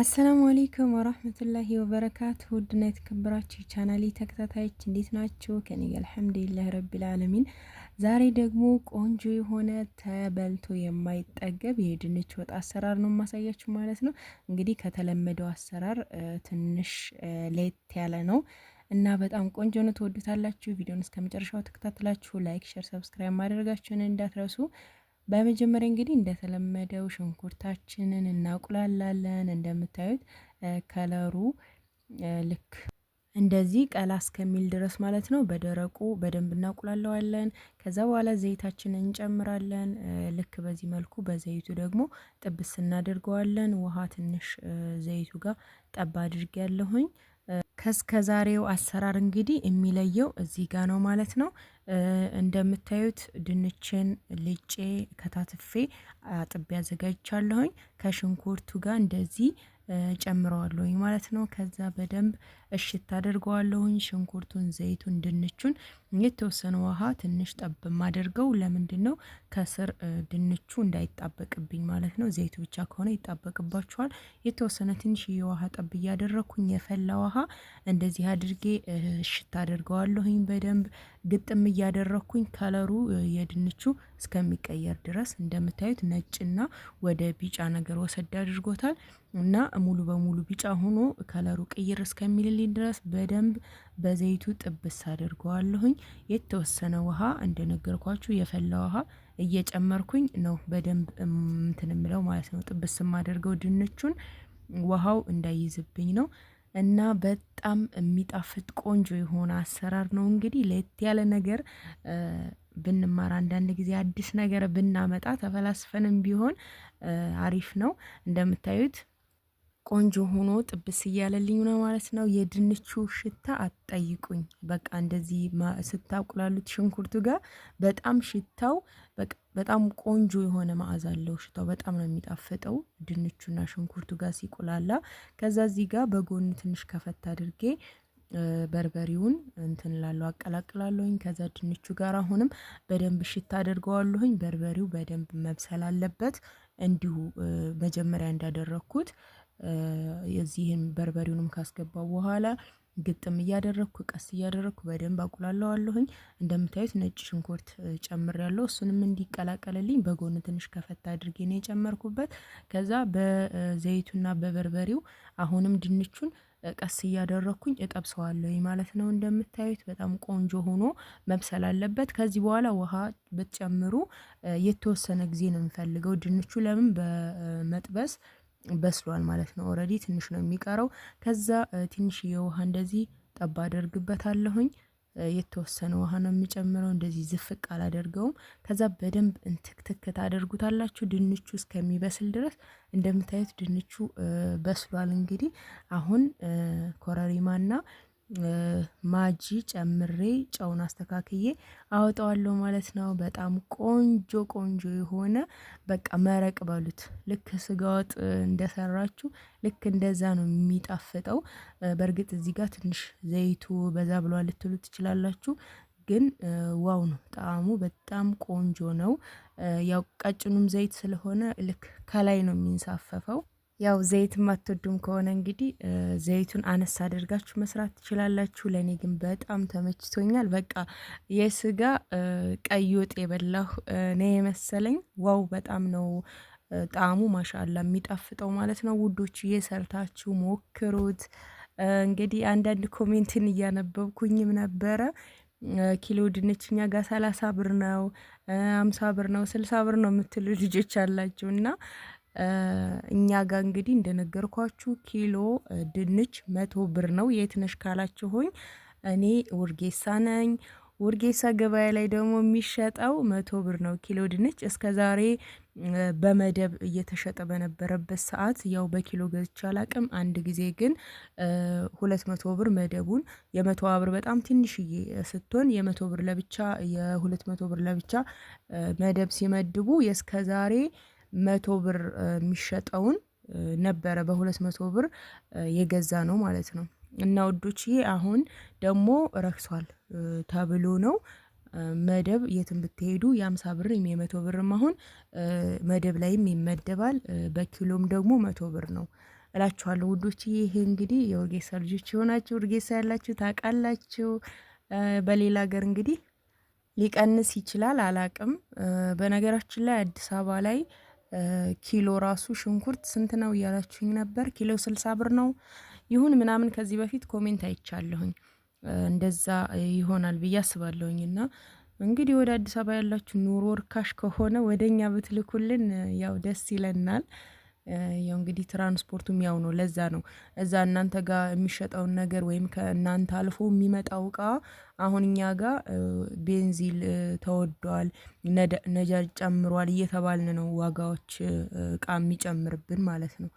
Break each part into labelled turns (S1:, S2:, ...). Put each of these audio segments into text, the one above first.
S1: አሰላሙ አሌይኩም ወራህመቱላሂ ወበረካቱ። ውድና የተከበራችሁ ቻናሊ ተከታታዮች እንዴት ናችሁ? ከኔ አልሐምዱሊላህ ረቢል አለሚን። ዛሬ ደግሞ ቆንጆ የሆነ ተበልቶ የማይጠገብ የድንች ወጥ አሰራር ነው የማሳያችሁ ማለት ነው። እንግዲህ ከተለመደው አሰራር ትንሽ ለየት ያለ ነው እና በጣም ቆንጆ ነው። ትወዱታላችሁ። ቪዲዮን እስከ መጨረሻው ተከታትላችሁ ላይክ፣ ሸር፣ ሰብስክራይብ ማድረጋችሁን እንዳትረሱ። በመጀመሪያ እንግዲህ እንደተለመደው ሽንኩርታችንን እናቁላላለን። እንደምታዩት ከለሩ ልክ እንደዚህ ቀላ እስከሚል ድረስ ማለት ነው። በደረቁ በደንብ እናቁላለዋለን። ከዛ በኋላ ዘይታችንን እንጨምራለን። ልክ በዚህ መልኩ በዘይቱ ደግሞ ጥብስ እናደርገዋለን። ውሃ ትንሽ ዘይቱ ጋር ጠባ አድርጌ ያለሁኝ ከስከ ዛሬው አሰራር እንግዲህ የሚለየው እዚህ ጋ ነው ማለት ነው። እንደምታዩት ድንችን ልጬ ከታትፌ አጥቤ አዘጋጅቻለሁኝ። ከሽንኩርቱ ጋር እንደዚህ ጨምረዋለሁኝ ማለት ነው። ከዛ በደንብ እሽት አደርገዋለሁኝ። ሽንኩርቱን፣ ዘይቱን፣ ድንቹን የተወሰነ ውሃ ትንሽ ጠብ ማደርገው ለምንድን ነው ከስር ድንቹ እንዳይጣበቅብኝ ማለት ነው። ዘይቱ ብቻ ከሆነ ይጣበቅባችኋል። የተወሰነ ትንሽ የውሃ ጠብ እያደረግኩኝ የፈላ ውሃ እንደዚህ አድርጌ እሽት አደርገዋለሁኝ። በደንብ ግጥም እያደረግኩኝ ከለሩ የድንቹ እስከሚቀየር ድረስ እንደምታዩት ነጭና ወደ ቢጫ ነገር ወሰድ አድርጎታል። እና ሙሉ በሙሉ ቢጫ ሆኖ ከለሩ ቅይር እስከሚልልኝ ድረስ በደንብ በዘይቱ ጥብስ አድርገዋለሁኝ። የተወሰነ ውሃ እንደነገርኳችሁ የፈላ ውሃ እየጨመርኩኝ ነው በደንብ እንትን የምለው ማለት ነው። ጥብስ የማደርገው ድንቹን ውሃው እንዳይዝብኝ ነው። እና በጣም የሚጣፍጥ ቆንጆ የሆነ አሰራር ነው። እንግዲህ ለየት ያለ ነገር ብንማር አንዳንድ ጊዜ አዲስ ነገር ብናመጣ ተፈላስፈንም ቢሆን አሪፍ ነው እንደምታዩት ቆንጆ ሆኖ ጥብስ እያለልኝ ነው ማለት ነው። የድንቹ ሽታ አትጠይቁኝ። በቃ እንደዚህ ስታቁላሉት ሽንኩርቱ ጋር በጣም ሽታው በጣም ቆንጆ የሆነ መዓዛ አለው። ሽታው በጣም ነው የሚጣፍጠው ድንቹና ሽንኩርቱ ጋር ሲቁላላ። ከዛ እዚህ ጋር በጎን ትንሽ ከፈት አድርጌ በርበሬውን እንትን ላለው አቀላቅላለሁኝ። ከዛ ድንቹ ጋር አሁንም በደንብ ሽታ አድርገዋለሁኝ። በርበሬው በደንብ መብሰል አለበት እንዲሁ መጀመሪያ እንዳደረግኩት የዚህን በርበሬውንም ካስገባው በኋላ ግጥም እያደረግኩ ቀስ እያደረግኩ በደንብ አቁላለዋለሁኝ። እንደምታዩት ነጭ ሽንኩርት ያለው እሱንም እንዲቀላቀልልኝ በጎን ትንሽ ከፈት አድርጌ ነው የጨመርኩበት። ከዛ በዘይቱና በበርበሬው አሁንም ድንቹን ቀስ እያደረግኩኝ እጠብሰዋለሁኝ ማለት ነው። እንደምታዩት በጣም ቆንጆ ሆኖ መብሰል አለበት። ከዚህ በኋላ ውሃ ብትጨምሩ የተወሰነ ጊዜ ነው የምፈልገው። ድንቹ ለምን በመጥበስ በስሏል ማለት ነው። ኦልሬዲ ትንሽ ነው የሚቀረው። ከዛ ትንሽ ውሃ እንደዚህ ጠባ አደርግበታለሁኝ። የተወሰነ ውሃ ነው የሚጨምረው። እንደዚህ ዝፍቅ አላደርገውም። ከዛ በደንብ እንትክትክ ታደርጉታላችሁ ድንቹ እስከሚበስል ድረስ። እንደምታዩት ድንቹ በስሏል። እንግዲህ አሁን ኮረሪማና ማጂ ጨምሬ ጨውን አስተካክዬ አወጣዋለሁ ማለት ነው። በጣም ቆንጆ ቆንጆ የሆነ በቃ መረቅ በሉት ልክ ስጋ ወጥ እንደሰራችሁ ልክ እንደዛ ነው የሚጣፍጠው። በእርግጥ እዚህ ጋር ትንሽ ዘይቱ በዛ ብሏ ልትሉ ትችላላችሁ። ግን ዋው ነው ጣዕሙ በጣም ቆንጆ ነው። ያው ቀጭኑም ዘይት ስለሆነ ልክ ከላይ ነው የሚንሳፈፈው ያው ዘይት የማትወዱም ከሆነ እንግዲህ ዘይቱን አነስ አድርጋችሁ መስራት ትችላላችሁ። ለእኔ ግን በጣም ተመችቶኛል። በቃ የስጋ ቀይ ወጥ የበላሁ እኔ የመሰለኝ። ዋው በጣም ነው ጣዕሙ ማሻላ የሚጣፍጠው ማለት ነው ውዶች፣ እየሰርታችሁ ሞክሩት። እንግዲህ አንዳንድ ኮሜንትን እያነበብኩኝም ነበረ ኪሎ ድንች እኛ ጋር ሰላሳ ብር ነው፣ አምሳ ብር ነው፣ ስልሳ ብር ነው የምትሉ ልጆች አላችሁ እና እኛ ጋር እንግዲህ እንደነገርኳችሁ ኪሎ ድንች መቶ ብር ነው። የት ነሽ ካላችሁኝ እኔ ውርጌሳ ነኝ። ውርጌሳ ገበያ ላይ ደግሞ የሚሸጠው መቶ ብር ነው ኪሎ ድንች። እስከ ዛሬ በመደብ እየተሸጠ በነበረበት ሰዓት ያው በኪሎ ገዝቼ አላቅም። አንድ ጊዜ ግን ሁለት መቶ ብር መደቡን የመቶ ብር በጣም ትንሽዬ ስትሆን የመቶ ብር ለብቻ የሁለት መቶ ብር ለብቻ መደብ ሲመድቡ የእስከ ዛሬ መቶ ብር የሚሸጠውን ነበረ በሁለት መቶ ብር የገዛ ነው ማለት ነው። እና ውዶችዬ አሁን ደግሞ ረክሷል ተብሎ ነው መደብ የትም ብትሄዱ የአምሳ ብርም የመቶ ብርም አሁን መደብ ላይም ይመደባል። በኪሎም ደግሞ መቶ ብር ነው እላችኋለሁ ውዶች። ይሄ እንግዲህ የወርጌሳ ልጆች የሆናችሁ ወርጌሳ ያላችሁ ታውቃላችሁ። በሌላ ሀገር እንግዲህ ሊቀንስ ይችላል አላቅም። በነገራችን ላይ አዲስ አበባ ላይ ኪሎ ራሱ ሽንኩርት ስንት ነው እያላችሁኝ ነበር። ኪሎ ስልሳ ብር ነው ይሁን ምናምን ከዚህ በፊት ኮሜንት አይቻለሁኝ። እንደዛ ይሆናል ብዬ አስባለሁኝ። እና እንግዲህ ወደ አዲስ አበባ ያላችሁ ኑሮ እርካሽ ከሆነ ወደኛ ብትልኩልን ያው ደስ ይለናል። ያው እንግዲህ ትራንስፖርቱም ያው ነው። ለዛ ነው እዛ እናንተ ጋር የሚሸጠውን ነገር ወይም ከእናንተ አልፎ የሚመጣው እቃ አሁን እኛ ጋር ቤንዚል ተወዷል፣ ነዳጅ ጨምሯል እየተባልን ነው ዋጋዎች እቃ የሚጨምርብን ማለት ነው።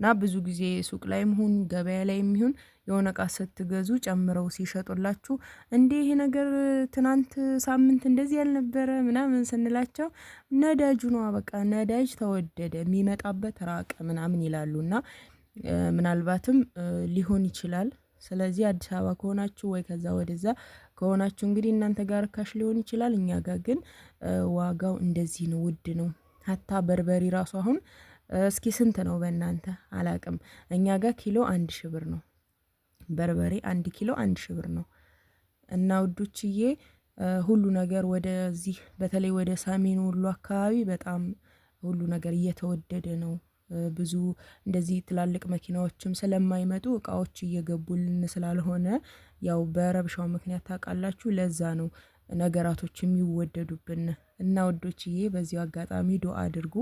S1: እና ብዙ ጊዜ ሱቅ ላይም ሁን ገበያ ላይ የሚሆን የሆነ እቃ ስትገዙ ጨምረው ሲሸጡላችሁ እንዴ ይሄ ነገር ትናንት ሳምንት እንደዚህ ያልነበረ ምናምን ስንላቸው ነዳጁ ነ በቃ ነዳጅ ተወደደ፣ የሚመጣበት ራቀ ምናምን ይላሉ። እና ምናልባትም ሊሆን ይችላል። ስለዚህ አዲስ አበባ ከሆናችሁ ወይ ከዛ ወደዛ ከሆናችሁ እንግዲህ እናንተ ጋር ርካሽ ሊሆን ይችላል። እኛ ጋር ግን ዋጋው እንደዚህ ነው፣ ውድ ነው። ሀታ በርበሬ ራሱ አሁን እስኪ ስንት ነው በእናንተ አላቅም። እኛ ጋር ኪሎ አንድ ሺ ብር ነው። በርበሬ አንድ ኪሎ አንድ ሺ ብር ነው እና ውዶችዬ ሁሉ ነገር ወደዚህ በተለይ ወደ ሰሜን ወሎ አካባቢ በጣም ሁሉ ነገር እየተወደደ ነው። ብዙ እንደዚህ ትላልቅ መኪናዎችም ስለማይመጡ እቃዎች እየገቡልን ስላልሆነ ያው በረብሻው ምክንያት ታውቃላችሁ፣ ለዛ ነው ነገራቶች የሚወደዱብን እና ወዶችዬ፣ በዚሁ አጋጣሚ ዱአ አድርጉ።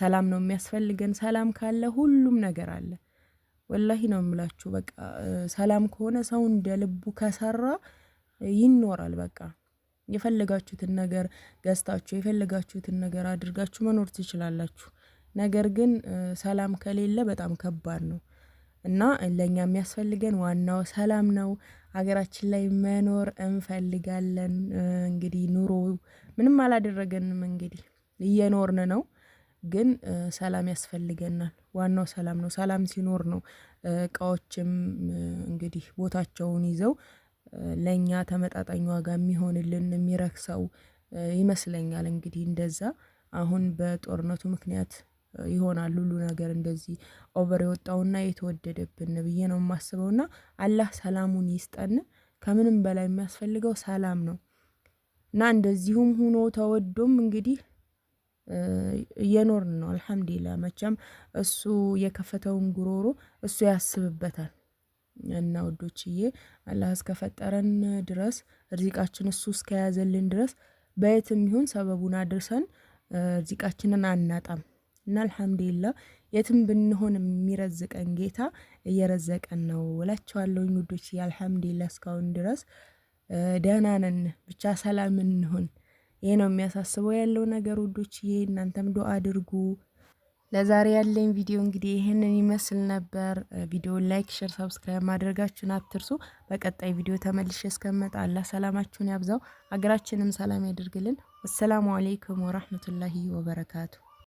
S1: ሰላም ነው የሚያስፈልገን። ሰላም ካለ ሁሉም ነገር አለ። ወላሂ ነው የምላችሁ። በቃ ሰላም ከሆነ ሰው እንደ ልቡ ከሰራ ይኖራል። በቃ የፈለጋችሁትን ነገር ገዝታችሁ የፈለጋችሁትን ነገር አድርጋችሁ መኖር ትችላላችሁ። ነገር ግን ሰላም ከሌለ በጣም ከባድ ነው። እና ለእኛ የሚያስፈልገን ዋናው ሰላም ነው። ሀገራችን ላይ መኖር እንፈልጋለን። እንግዲህ ኑሮ ምንም አላደረገንም እንግዲህ እየኖርን ነው። ግን ሰላም ያስፈልገናል ዋናው ሰላም ነው ሰላም ሲኖር ነው። እቃዎችም እንግዲህ ቦታቸውን ይዘው ለእኛ ተመጣጣኝ ዋጋ የሚሆንልን የሚረክሰው ይመስለኛል። እንግዲህ እንደዛ አሁን በጦርነቱ ምክንያት ይሆናል ሁሉ ነገር እንደዚህ ኦቨር የወጣውና የተወደደብን ብዬ ነው የማስበው። እና አላህ ሰላሙን ይስጠን። ከምንም በላይ የሚያስፈልገው ሰላም ነው። እና እንደዚሁም ሁኖ ተወዶም እንግዲህ እየኖርን ነው። አልሐምዲላ መቼም እሱ የከፈተውን ጉሮሮ እሱ ያስብበታል። እና ውዶችዬ አላህ እስከፈጠረን ድረስ ርዚቃችን እሱ እስከያዘልን ድረስ በየትም ይሁን ሰበቡን አድርሰን ርዚቃችንን አናጣም። እና አልሐምዱሊላ የትም ብንሆን የሚረዝቀን ጌታ እየረዘቀን ነው እላቸዋለሁ። ውዶች አልሐምዱሊላ እስካሁን ድረስ ደህና ነን። ብቻ ሰላም እንሆን። ይሄ ነው የሚያሳስበው ያለው ነገር ውዶች። ይሄ እናንተም ዶ አድርጉ። ለዛሬ ያለኝ ቪዲዮ እንግዲህ ይህንን ይመስል ነበር። ቪዲዮን ላይክ፣ ሼር፣ ሰብስክራይብ ማድረጋችሁን አትርሱ። በቀጣይ ቪዲዮ ተመልሼ እስከመጣ አላህ ሰላማችሁን ያብዛው፣ ሀገራችንም ሰላም ያደርግልን። አሰላሙ አሌይኩም ወራህመቱላሂ ወበረካቱ